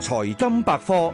財金百科。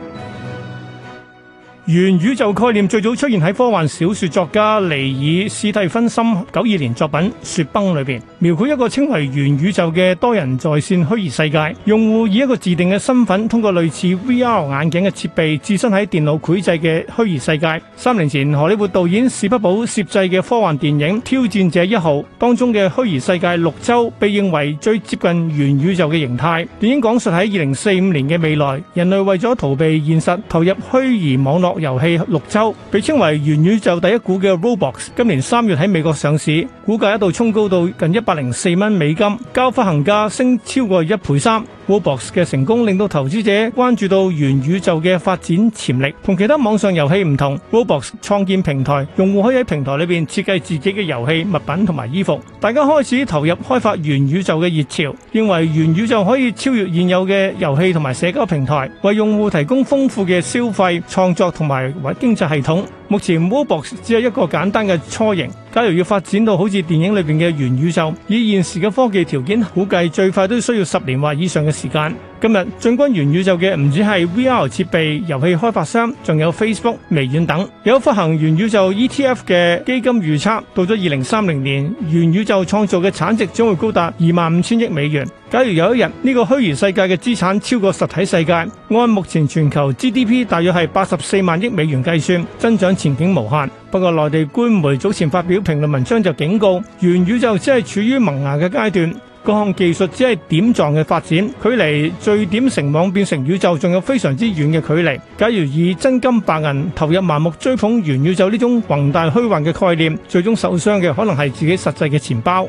元宇宙概念最早出現喺科幻小說作家尼爾史蒂芬森九二年作品《雪崩》裏邊，描繪一個稱為元宇宙嘅多人在線虛擬世界，用戶以一個自定嘅身份，通過類似 VR 眼鏡嘅設備置身喺電腦繪製嘅虛擬世界。三年前，荷里活導演史匹堡攝製嘅科幻電影《挑戰者一號》當中嘅虛擬世界綠洲被認為最接近元宇宙嘅形態。電影講述喺二零四五年嘅未來，人類為咗逃避現實，投入虛擬網絡。遊戲綠洲，被稱為元宇宙第一股嘅 Roblox，今年三月喺美國上市，股價一度衝高到近一百零四蚊美金，較發行價升超過一倍三。Roblox 嘅成功令到投資者關注到元宇宙嘅發展潛力，同其他網上遊戲唔同，Roblox 創建平台，用戶可以喺平台裏邊設計自己嘅遊戲、物品同埋衣服，大家開始投入開發元宇宙嘅熱潮，認為元宇宙可以超越現有嘅遊戲同埋社交平台，為用戶提供豐富嘅消費、創作同埋經濟系統。目前 Mobox 只有一個簡單嘅雛形。假如要發展到好似電影裏邊嘅元宇宙，以現時嘅科技條件，估計最快都需要十年或以上嘅時間。今日進軍元宇宙嘅唔止係 VR 設備、遊戲開發商，仲有 Facebook、微軟等。有發行元宇宙 ETF 嘅基金預測，到咗二零三零年，元宇宙創造嘅產值將會高達二萬五千億美元。假如有一日呢個虛擬世界嘅資產超過實體世界，按目前全球 GDP 大約係八十四萬億美元計算，增長前景無限。不過內地官媒早前發表評論文章就警告，元宇宙只係處於萌芽嘅階段。各項技術只係點狀嘅發展，距離聚點成網變成宇宙仲有非常之遠嘅距離。假如以真金白銀投入盲目追捧元宇宙呢種宏大虛幻嘅概念，最終受傷嘅可能係自己實際嘅錢包。